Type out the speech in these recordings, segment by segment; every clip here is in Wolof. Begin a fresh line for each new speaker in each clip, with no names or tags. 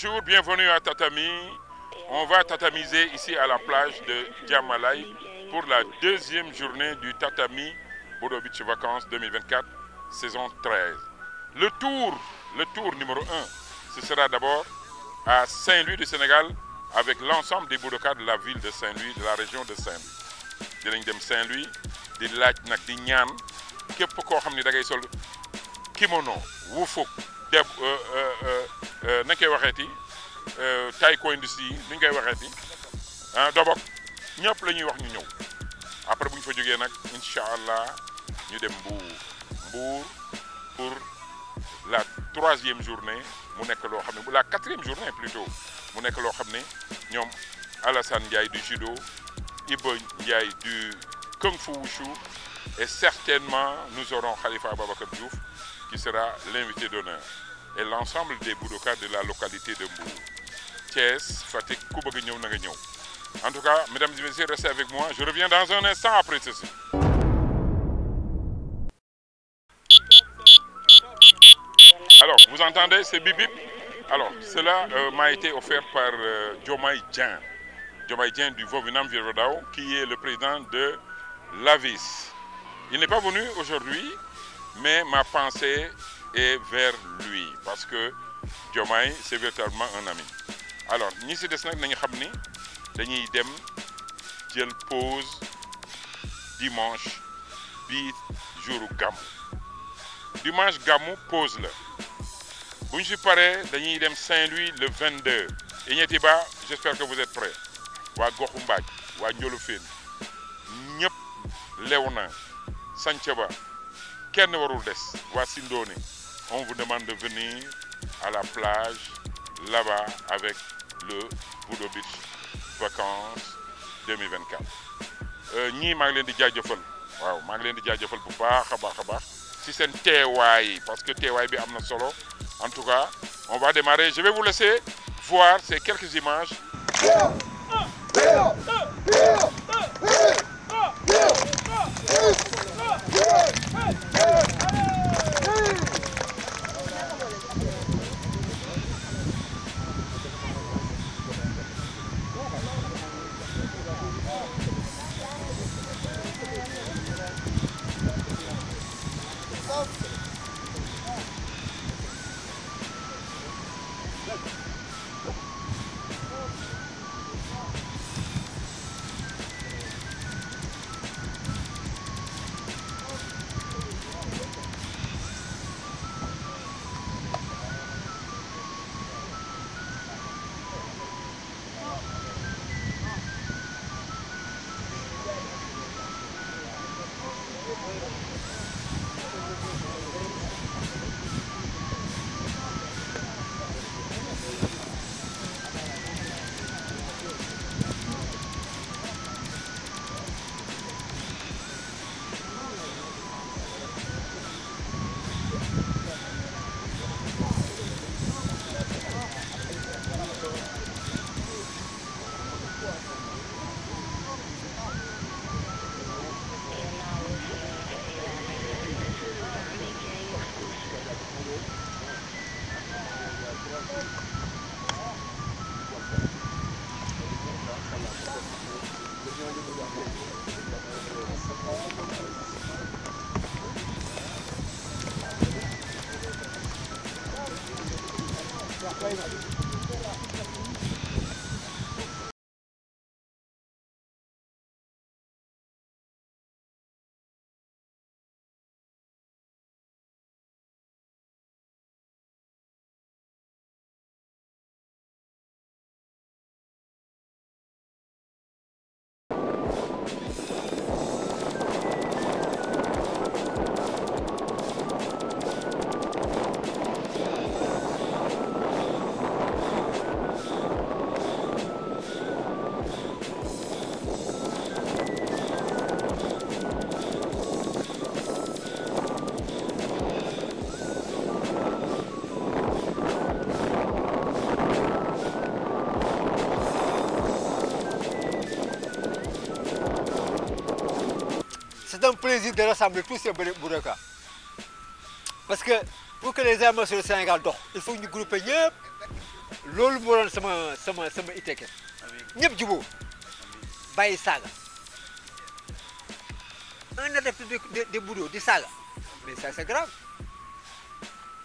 Bonjour,
bienvenue à Tatami. On va tatamiser ici à la plage de Diamalay pour la deuxième journée du Tatami Bodo Vacances 2024, saison 13. Le tour, le tour numéro 1, ce sera d'abord à Saint-Louis du Sénégal avec l'ensemble des Bodokas de la ville de Saint-Louis, de la région de Saint-Louis. Saint-Louis euh, nañ koy waxeeti euh, taiko industrie ni ngay nous waxeeti hein, dobok lañuy wax ñu ñew après buñ fa joggé nous inshallah ñu dem pour la troisième journée mu nek la quatrième journée plutôt mu nek lo xamné ñom Alassane du judo Iba Ndiaye du kung fu wushu et certainement nous aurons Khalifa Babacar Diouf qui sera l'invité d'honneur et l'ensemble des boudokas de la localité de Mbou. Thiès, Fatik, Nagagnou. En tout cas, mesdames et messieurs, restez avec moi. Je reviens dans un instant après ceci. Alors, vous entendez ces bip-bip Alors, cela euh, m'a été offert par euh, Djan. Jomai Djan du Vovinam Virodao, qui est le président de l'AVIS. Il n'est pas venu aujourd'hui, mais ma pensée et vers lui parce que Diomaye c'est véritablement un ami alors nous si des nous nañu xam ni dañuy dem jël pause dimanche jour jouru GAMU dimanche gamu pause là. Bonjour ñu si dañuy dem Saint-Louis le 22 Ignatiba j'espère que vous êtes prêts Wa à wa ou à ñëpp lew A sanc ba kenn warul des Sindoni on vous demande de venir à la plage là-bas avec le Budo Beach Vacances 2024. Si c'est un leen di waaw leen di bu un parce que T.Y. est un solo en tout cas on va démarrer je vais vous laisser voir ces quelques images.
Thank you.
un plaisir de rassembler tous ces Bouraka. Parce que pour que les armes sur le Sénégal dorment, il faut ñu grouper ñëpp loolu moo doon sama sama sama itteeke ñëpp jubóo bàyyi Saga. un adepte de de Budo de Saga. mais ça c'est grave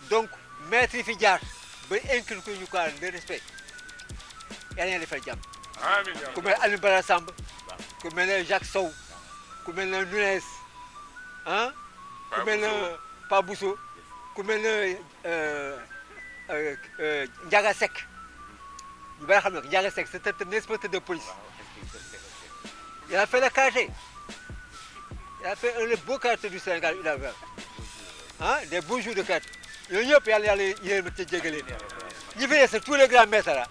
donc maître yi fi jaar ba inculqué ñu le respect yal na defal jàmm. amiin ku mel Alioune Badara Samb ku Jacques Sow Nunez ah ku pas Bousso Combien de... na Ndiaga Seck ñu c'était un inspecteur de police il a fait le carré. il a fait un beau cartes du Sénégal il a fait ah des beaux jours de quartier Il ñëpp a pas yéen a ca jégalee il fi des tous les grands maîtres là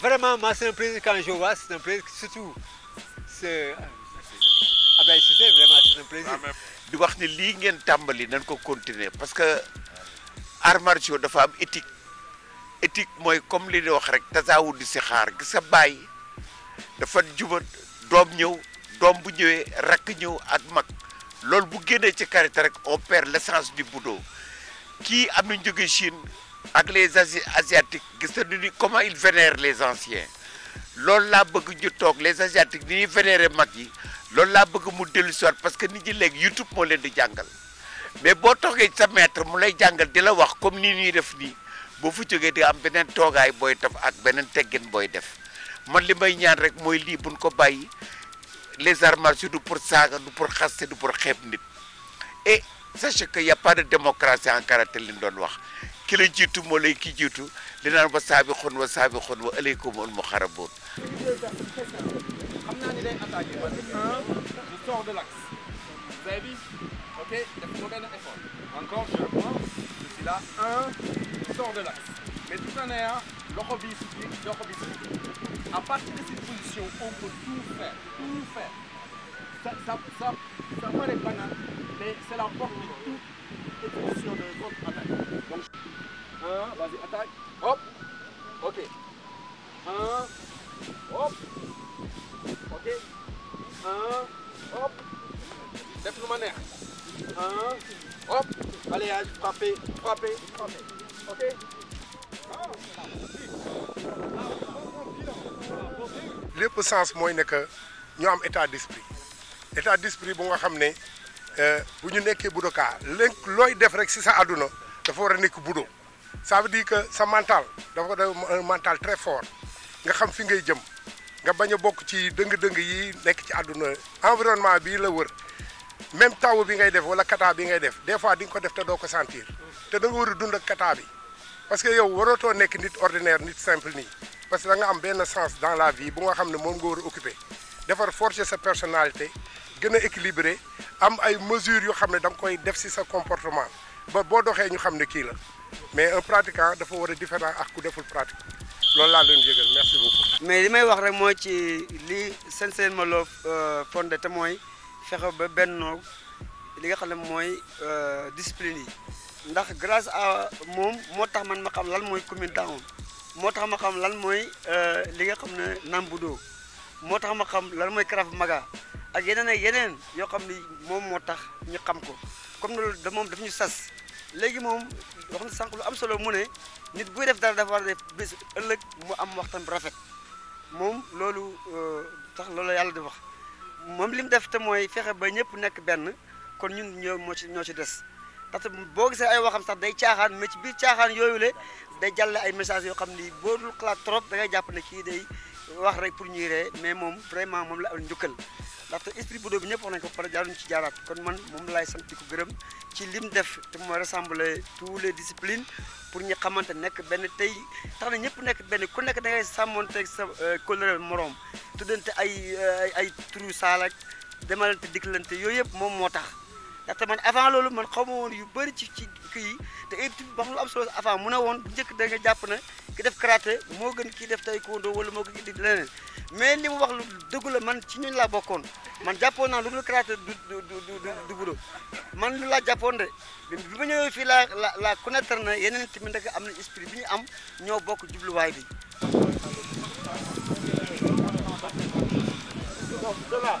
vraiment c'est un plaisir quand je vois c'est un plaisir surtout c'est ah ben c'est vraiment c'est un plaisir ah,
di wax que li ngeen tàmbali nañ ko continuer parce que dafa am éthique éthique mooy comme li di wax rek tasaawu di si xaar gis dafa juba doom ñëw doom bu ñëwee rakk ñëw ak mag loolu bu génnee on perd l'essence du boulot. Qui am nañ Chine ak les asiatiques comment ils vénèrent les anciens loolu laa bëgg ñu toog les asiatiques ni ñuy vénéré mag yi loolu laa bëgg mu dellu si parce que nit ñi léegi YouTube moo leen di jàngal mais boo toogee sa maître mu lay jàngal di la wax comme nii ñuy def nii boo fa jógee di am beneen toogaay booy def ak beneen teggin booy def man li may ñaan rek mooy lii buñ ko bàyyi les arts martiaux du pour saaga du pour xaste du pour xeeb nit et sachez que y a pas de démocratie en karaté li ñu doon wax ki jiitu moo lay ki jiitu li naan wa saabi xon wa saabi xon wa aleykum ul muxaraboon
un je de l'axe. vous ok encore je suis là un je de l'axe mais tout en air. ici. à partir de cette position on peut tout faire tout faire ça ça ça ça mais c'est la porte de toute positions de votre attaque vas-y attaque hop ok 1, voyage, frappez, frappez, frapper. Ok plus sens mooy ne que ñu am état d'esprit état d'esprit bu nga xam ne euh, bu ñu nekkee budoka lépp looy def rek si sa àdduna dafa war a nekk budo ça veut dire que sa mental dafa da un mental très fort nga xam fi ngay jëm nga bañ a bokk ci dëng-dëng yi nekk ci àdduna environnement bii la wër même taw bi ngay def wala kata bi ngay def des fois di ko def te doo ko sentir te da nga war a dund ak kata bi parce que yow warootoo nekk nit ordinaire nit simple nii parce que da nga am benn sens dans la vie bu nga xam ne moom nga war a occupé defar forger sa personnalité gën a équilibré am ay mesures yoo xam ne da nga koy def si sa comportement ba boo
doxee ñu xam ne kii la mais un pratiquant dafa war a différent ak ku deful pratique
loolu laa leen
yëgal merci beaucoup.
mais li may wax rek mooy ci li seen seen loo euh, fondé te mooy. fexe ba bennoo li nga xam ne mooy discipline yi ndax grâce à moom moo tax man ma xam lan mooy commune Daon moo tax ma xam lan mooy li nga xam ne Nambudo moo tax ma xam lan mooy Krav Maga ak yeneen ak yeneen yoo xam ni moom moo tax ñu xam ko comme loolu da moom daf ñu sas léegi moom wax na sànq lu am solo mu ne nit buy def dara dafa war a def bés ëllëg mu am waxtaan bu rafet moom loolu tax loolu yàlla di wax moom li mu def te mooy fexe ba ñëpp nekk benn kon ñun ñoo moo ñoo ci des parce que boo gisee ay waxam sax day caaxaan mais ci biir caaxaan yooyu le day jàlle ay message yoo xam ni boo dul xalaat trop da ngay jàpp ne kii day wax rek pour ñuy re mais moom vraiment moom la am njukkal. ndaxte esprit budo bi ñëpp wax nañ ko pare jaaruñ ci jaaraat kon man moom laay sant di ko gërëm ci lim def te mooy rassembler tous les disciplines pour ñu xamante nekk benn tey tax na ñëpp nekk benn ku nekk da ngay sàmmonteeg sa euh, kóllëre moroom tuddante ay euh, ay turu saalak demalante dikkalante yooyu yëpp moom moo tax ndaxte man avant loolu man xaw ma woon yu bëri ci ci kii te esprit bi wax lu am solo avant mu ne woon njëkk da jàpp na ki def karaté moo gën kii def taekwondo wala moo gën di leneen mais li mu wax lu dëgg la man ci ñun laa bokkoon man jàppoon naa lu dul karaté du du du du budo man lu laa jàppoon de bi ma ñëwee fii laa la la connaître na yeneen tamit nag am na esprit bi ñu am ñoo bokk jubluwaay bi. dafa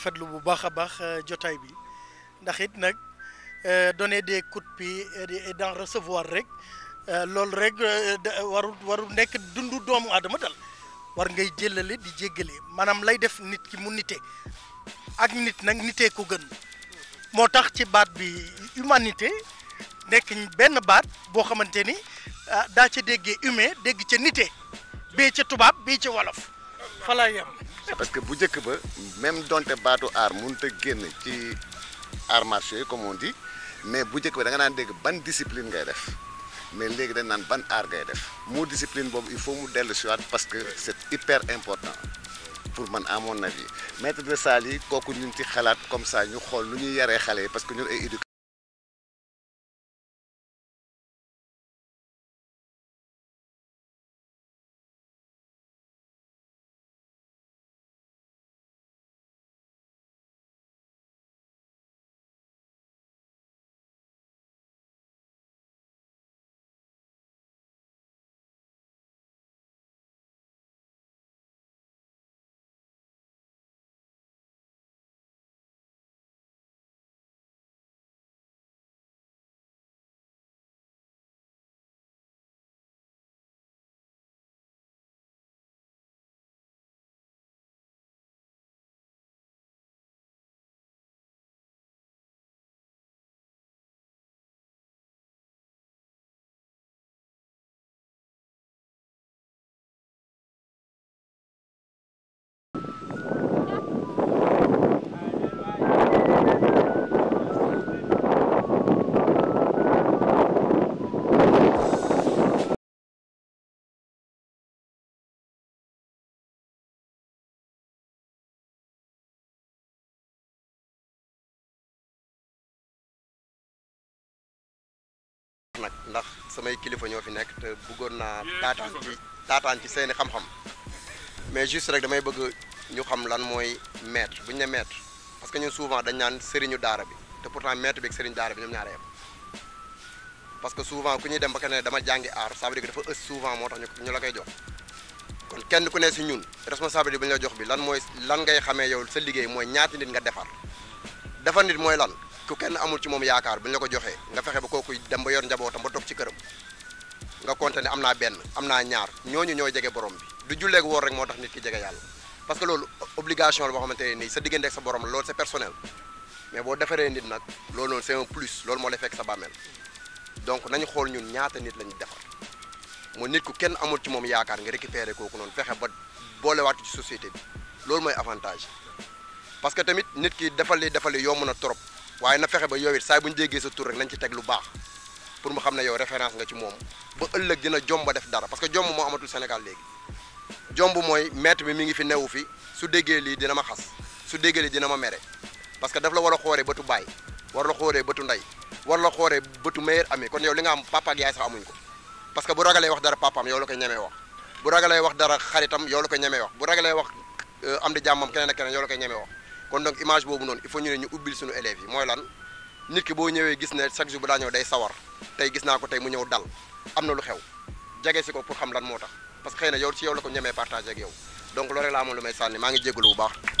rafetlu bu baax a baax euh, jotaay bi ndax it nag euh, donner des coups de pied et d'en recevoir rek euh, loolu rek waru waru nekk dundu doomu aadama dal war ngay jëlale di jéggale maanaam lay def nit ki mu nite ak nit nag nite ko gën moo tax ci baat bi humanité nekk benn baat boo xamante ni ah, daa ci déggee humain dégg ca nite bee ca tubaab bi ca wolof fa laa
parce que bu njëkk ba même donte baatu aar mënut a génn ci arts martiaux yi comme on dit mais bu njëkk ba da naan dégg ban discipline ngay def mais léegi dañ naan ban aar ngay def moo discipline boobu il faut mu dellu si parce que c'est hyper important pour man amoon
mon avis maître de salle yi kooku ñu ci xalaat comme ça ñu xool lu ñuy yaree xale yi parce que ñun ay éducation nag ndax samay kilifa ñoo fi nekk te bëggoon
naa taataan ci taataan ci seeni xam-xam mais juste rek damay bëgg ñu xam lan mooy maître bu ñu ne maître parce que ñun souvent dañ naan sëriñu daara bi te pourtant maître bi ak sëriñu daara bi ñoom ñaare yam parce que souvent ku ñuy dem ba ka ne dama jàngi aar ça veut dire que dafa ës souvent moo tax ñu la koy jox kon kenn ku ne si ñun responsabilité bi ñu la jox bi lan mooy lan ngay xamee yow sa liggéey mooy ñaati nit nga defar defar nit mooy lan ku kenn amul ci moom yaakaar bu ñu la ko joxee nga fexe ba kooku dem ba yor njabootam ba toog ci këram nga compter ne am naa benn am naa ñaar ñooñu ñooy jege borom bi du ak wor rek motax nit ki parce que lolu obligation la sa sa borom c'est personnel mais bo nit c'est un plus lolu qui lay fekk sa donc nañu xol ñun ñaata nit la défar mo nit ku kenn amul ci nga récupérer koku ba ci société bi lolu avantage parce que tamit nit ki défalé défalé na na fexé ba yowit say sa tour rek nañ ci lu baax pour mu xamné yow référence nga ci mom ba ëllëg dina def dara parce que jom mo amatul Sénégal jomb mooy maître bi mi ngi fi newu fi su déggee lii dina ma xas su déggee dina ma mere parce que daf la war a xooree bëtu baay war la xooree bëtu ndey war la xooree bëtu meilleur ami kon yow li nga am papa ak yaay sax amuñ ko parce que bu ragalee wax dara papaam yow la koy ñemee wax bu ragalee wax dara xaritam yow la koy ñemee wax bu ragalee wax euh, am di jàmmam keneen ak keneen yow la koy ñemee wax kon donc image boobu noonu il faut ñu ne ñu ubbil suñu élèves yi mooy lan boo ñëwee gis ne chaque jour bu daa ñëw day sawar tey gis naa ko tey mu ñëw dal am na lu xew jege si ko pour xam lan moo tax parce que xëy na yow ci yow la ko ñemee partagé ak yow donc loolu rek laa lu may sànni maa ngi jégalu bu
baax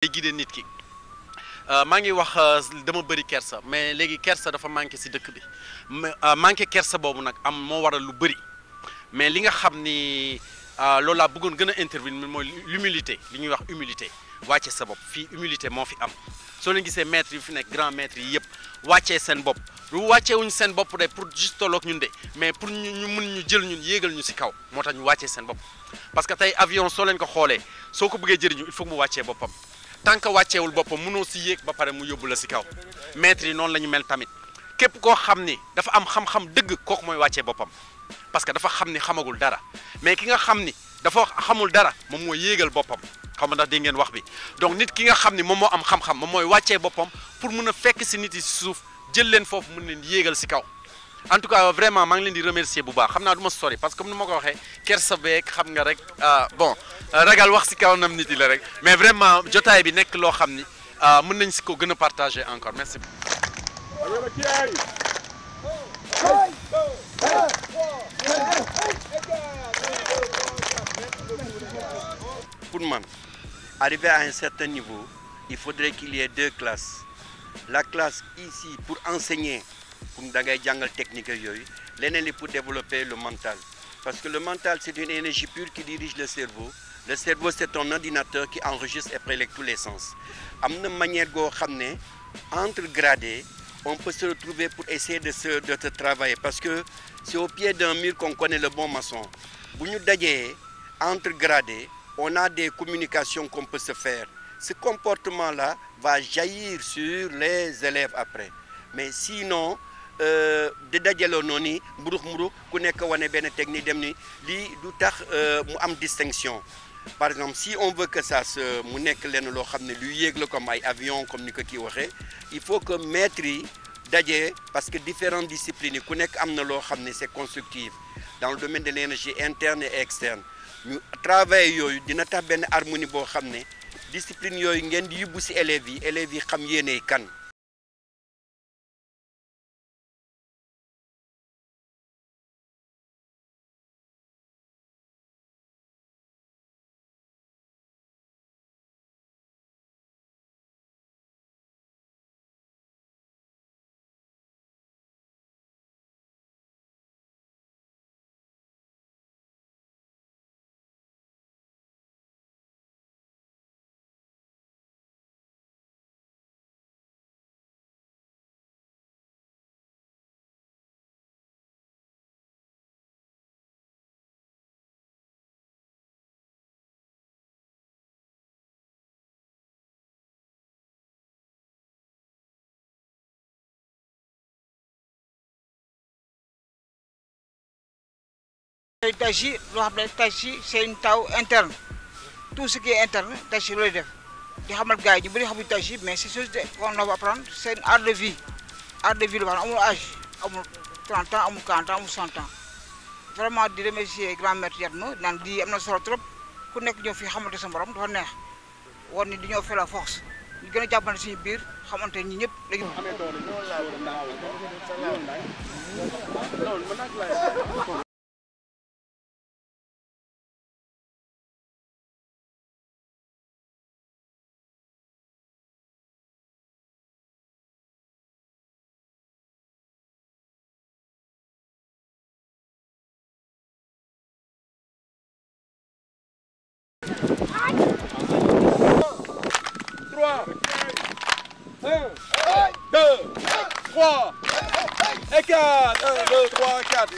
day gidee nit ki
euh, maa ngi wax euh, dama bëri kersa mais légui kersa dafa manqué ci dëkk bi euh, manqué kersa bobu nak am mo waral lu bëri mais li nga xamni lola bëggone gëna intervenir mooy l'humilité li ñuy wax humilité waccé sa bopp fi humilité mo fi am so leen gisee maître yu fi nek grand maître yépp waccé sen seen lu waccé wuñ sen bopp de pour juste tolloog ñun dé mais pour ñu ñu mun ñu jël ñun yégal ñu ci kaw moo ñu waccé sen bopp parce que tay avion so leen ko xolé soko bëggé jëriñu il faut mu waccé boppam tant que wàcceewul boppam mënoo si yéeg ba pare mu yóbbu la si kaw maître yi noonu lañu ñu mel tamit képp koo xam ni dafa am xam-xam dëgg kooku mooy wàccee boppam parce que dafa xam ni xamagul dara mais ki nga xam ni dafa xamul dara moom mooy yéegal boppam xam ndax dégg ngeen wax bi donc nit ki nga xam ni moom moo am xam-xam moom mooy wàccee boppam pour mun a fekk si nit yi si suuf jël leen foofu mun leen yéegal si kaw en tout cas vraiment Je ngi leen di remercier bu baax sori parce que comme ni ma ko waxee kersa très xam nga rek ah, bon ah, ragal wax ci kaw nit yi la rek mais vraiment jotaay bi nek lo xamni ni ah, mën nañ ci ko partager encore merci.
Pour moi, arriver à un certain niveau, il faudrait qu'il y ait deux classes. La classe ici pour enseigner pour technique pour développer le mental parce que le mental c'est une énergie pure qui dirige le cerveau le cerveau c'est un ordinateur qui enregistre et prélève tous les sens am manière entre gradés on peut se retrouver pour essayer de se de travailler parce que c'est au pied d'un mur qu'on connaît le bon maçon si entre on a des communications qu'on peut se faire ce comportement-là va jaillir sur les élèves après mais sinon euh, di dajaloo noni nii mburux ku nek wane ben technique dem ni li du tax euh, mu am distinction par exemple si on veut que ça se mu nek len lo xam luy comme ay avion comme ni ko ki waxee il faut que maître dajé parce que différentes disciplines ku nek amna lo loo c'est constructive dans le domaine de l'énergie interne et externe ñu travail yooyu dina tax ben harmonie bo xam discipline yooyu ngeen di yubusi élève yi élève yi
xam yéeney kan tâche yi loo xam ne tâche yi seen taw
interne tout ce qui est interne tâche yi looy def di xamal gars yi ñu bëri xamuñ tâche yi mais c'est chose de on va apprendre seen art de vie art de vie la wax amul âge amul 30 ans amul 40 ans amul 100 ans vraiment di remercier grand maître Yatma naan lii am na solo trop ku nekk ñëw fii xamante sa morom dafa neex woon ni di ñoo fee la force ñu gën a jàppante suñu biir
xamante ñi ñëpp léegi amee doole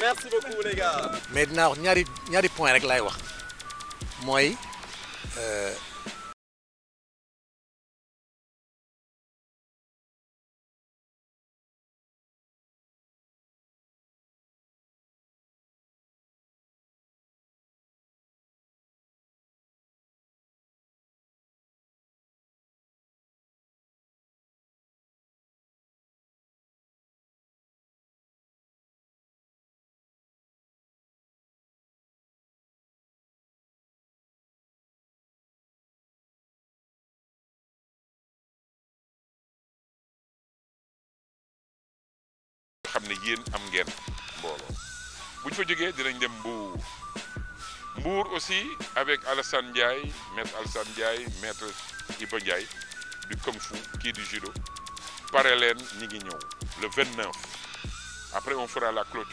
merci beaucoup les gars. Maintenant, il y a des points avec l'aïwa. Moi, euh... xam ne am ngeen mbooloo buñ fa joggé dinañ dem Mbour Mbour aussi avec
Alassane Ndiaye maître Alassane Ndiaye maître Iba Ndiaye du kung fu qui est du
judo parallèle ngi le 29 après on fera la clôture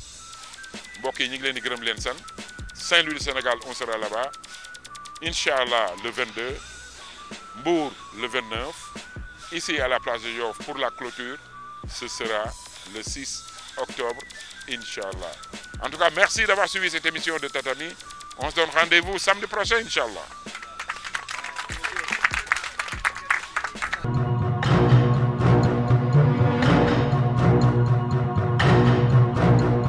Boké Saint-Louis du Sénégal on sera là-bas Inch'Allah, le 22 Bourg, le 29 ici à la place de Yoff pour la clôture ce sera le 6 octobre Inch'Allah. en tout cas merci d'avoir suivi cette émission de Tatami on se donne rendez-vous samedi prochain Inch'Allah.